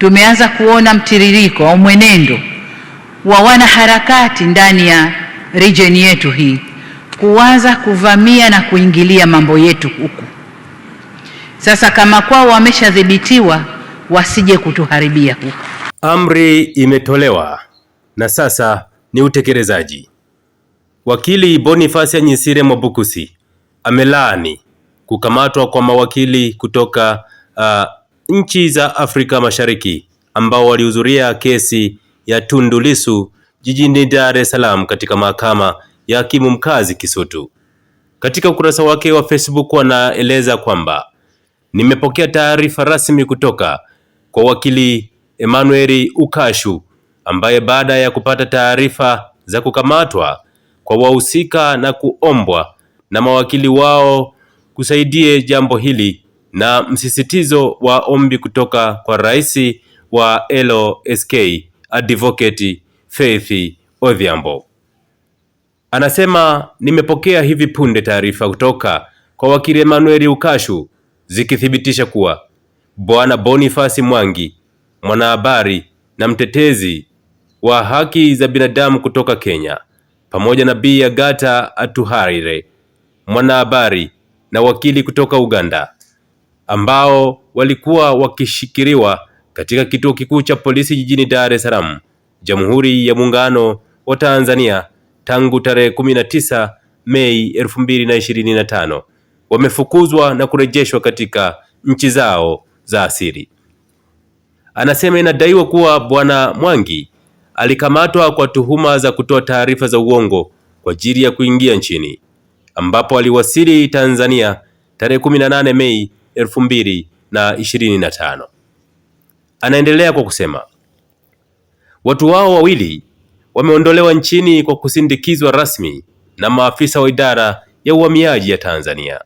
tumeanza kuona mtiririko au mwenendo wa wanaharakati ndani ya region yetu hii kuanza kuvamia na kuingilia mambo yetu huku. Sasa kama kwao wameshadhibitiwa, wasije kutuharibia huku. Amri imetolewa na sasa ni utekelezaji. Wakili Boniface Nyisire Mwabukusi amelaani kukamatwa kwa mawakili kutoka uh, nchi za Afrika Mashariki ambao walihudhuria kesi ya Tundu Lissu jijini Dar es Salaam katika mahakama ya hakimu mkazi Kisutu. Katika ukurasa wake wa Facebook wanaeleza kwamba nimepokea taarifa rasmi kutoka kwa wakili Emmanuel Ukashu ambaye baada ya kupata taarifa za kukamatwa kwa wahusika na kuombwa na mawakili wao kusaidie jambo hili na msisitizo wa ombi kutoka kwa rais wa LSK Advocate Faith Odhiambo. Anasema, nimepokea hivi punde taarifa kutoka kwa wakili Emmanuel Ukashu zikithibitisha kuwa Bwana Boniface Mwangi, mwanahabari na mtetezi wa haki za binadamu kutoka Kenya, pamoja na Bi Agata Atuhaire, mwanahabari na wakili kutoka Uganda ambao walikuwa wakishikiriwa katika kituo kikuu cha polisi jijini Dar es Salaam, Jamhuri ya Muungano wa Tanzania tangu tarehe kumi na tisa Mei elfu mbili na ishirini na tano wamefukuzwa na kurejeshwa katika nchi zao za asili. Anasema inadaiwa kuwa Bwana Mwangi alikamatwa kwa tuhuma za kutoa taarifa za uongo kwa ajili ya kuingia nchini ambapo aliwasili Tanzania tarehe 18 Mei elfu mbili na ishirini na tano. Anaendelea kwa kusema watu wao wawili wameondolewa nchini kwa kusindikizwa rasmi na maafisa wa idara ya uhamiaji ya Tanzania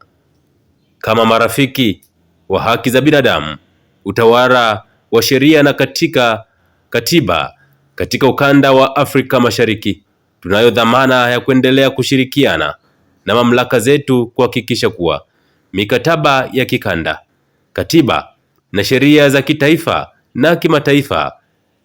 kama marafiki wa haki za binadamu, utawala wa sheria na katika katiba katika ukanda wa Afrika Mashariki. Tunayo dhamana ya kuendelea kushirikiana na mamlaka zetu kuhakikisha kuwa mikataba ya kikanda, katiba na sheria za kitaifa na kimataifa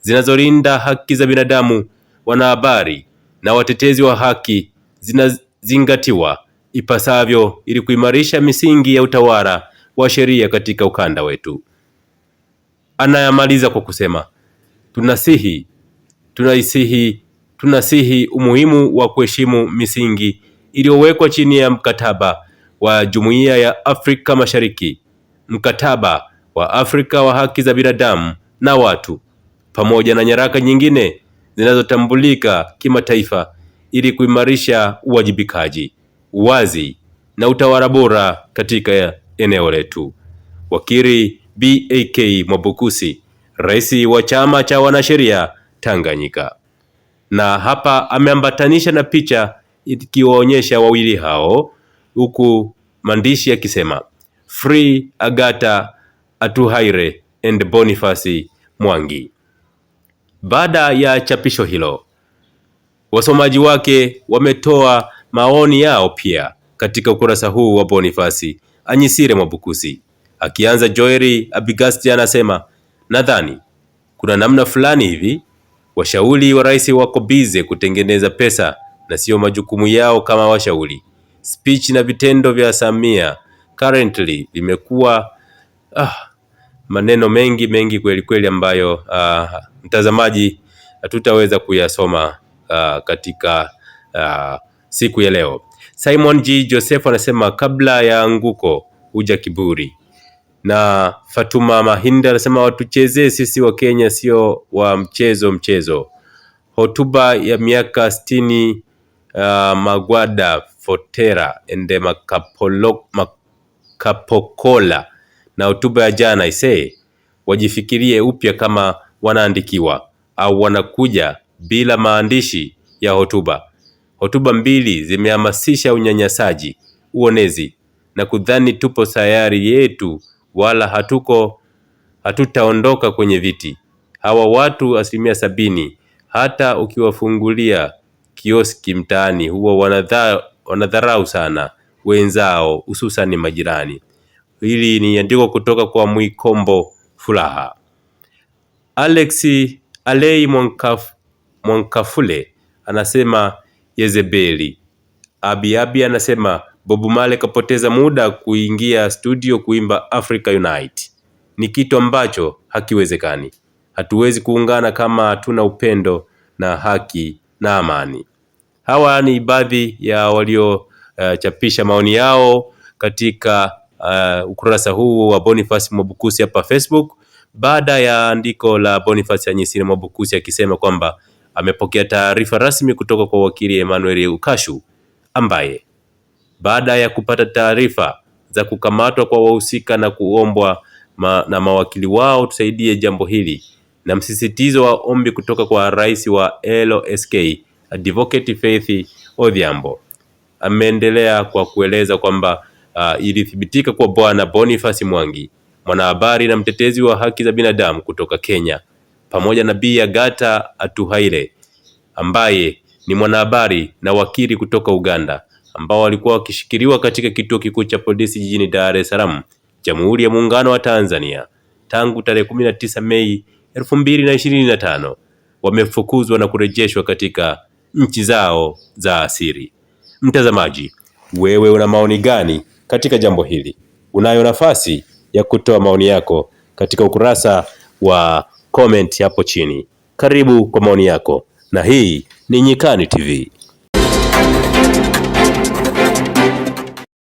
zinazolinda haki za binadamu, wanahabari na watetezi wa haki zinazingatiwa ipasavyo ili kuimarisha misingi ya utawala wa sheria katika ukanda wetu. Anayamaliza kwa kusema tunasihi, tunaisihi, tunasihi umuhimu wa kuheshimu misingi iliyowekwa chini ya mkataba wa Jumuiya ya Afrika Mashariki, mkataba wa Afrika wa haki za binadamu na watu, pamoja na nyaraka nyingine zinazotambulika kimataifa ili kuimarisha uwajibikaji, uwazi na utawala bora katika eneo letu. Wakili BAK Mwabukusi, rais wa chama cha wanasheria Tanganyika, na hapa ameambatanisha na picha ikiwaonyesha wawili hao huku maandishi yakisema Free Agata Atuhaire and bonifasi Mwangi. Baada ya chapisho hilo, wasomaji wake wametoa maoni yao pia katika ukurasa huu wa Bonifasi Anyisire Mwabukusi. Akianza Joeri Abigasti anasema nadhani kuna namna fulani hivi washauli wa rais wako bize kutengeneza pesa na sio majukumu yao kama washauli speech na vitendo vya Samia currently vimekuwa ah, maneno mengi mengi kweli kweli ambayo ah, mtazamaji tutaweza kuyasoma ah, katika ah, siku ya leo. Simon G Joseph anasema kabla ya anguko huja kiburi, na Fatuma Mahinda anasema watuchezee sisi wa Kenya sio wa mchezo mchezo. Hotuba ya miaka sitini Uh, Magwada Fotera ende makapokola na hotuba ya jana isee, wajifikirie upya kama wanaandikiwa au wanakuja bila maandishi ya hotuba. Hotuba mbili zimehamasisha unyanyasaji, uonezi na kudhani tupo sayari yetu, wala hatuko hatutaondoka kwenye viti. Hawa watu asilimia sabini, hata ukiwafungulia kioski mtaani huwa wanadharau sana wenzao hususani majirani. Hili ni andiko kutoka kwa Mwikombo Furaha. Alex Alei Mwankaf, Mwankafule anasema Yezebeli. Abi Abi anasema bobumale kapoteza muda kuingia studio kuimba Africa Unite. Ni kitu ambacho hakiwezekani. Hatuwezi kuungana kama hatuna upendo na haki na amani. Hawa ni baadhi ya waliochapisha eh, uh, maoni yao katika uh, ukurasa huu wa Boniface Mwabukusi hapa Facebook baada ya andiko la Boniface Anyisine Mwabukusi akisema kwamba amepokea taarifa rasmi kutoka kwa wakili Emmanuel Ukashu ambaye baada ya kupata taarifa za kukamatwa kwa wahusika na kuombwa ma, na mawakili wao tusaidie jambo hili, na msisitizo wa ombi kutoka kwa rais wa LSK Advocate Faith Odhiambo ameendelea kwa kueleza kwamba uh, ilithibitika kwa Bwana Boniface Mwangi, mwanahabari na mtetezi wa haki za binadamu kutoka Kenya, pamoja na Bi Agata Atuhaire ambaye ni mwanahabari na wakili kutoka Uganda, ambao walikuwa wakishikiliwa katika kituo kikuu cha polisi jijini Dar es Salaam, Jamhuri ya Muungano wa Tanzania tangu tarehe 19 Mei 2025 wamefukuzwa na kurejeshwa katika nchi zao za asili. Mtazamaji, wewe una maoni gani katika jambo hili? Unayo nafasi ya kutoa maoni yako katika ukurasa wa comment hapo chini. Karibu kwa maoni yako, na hii ni Nyikani TV.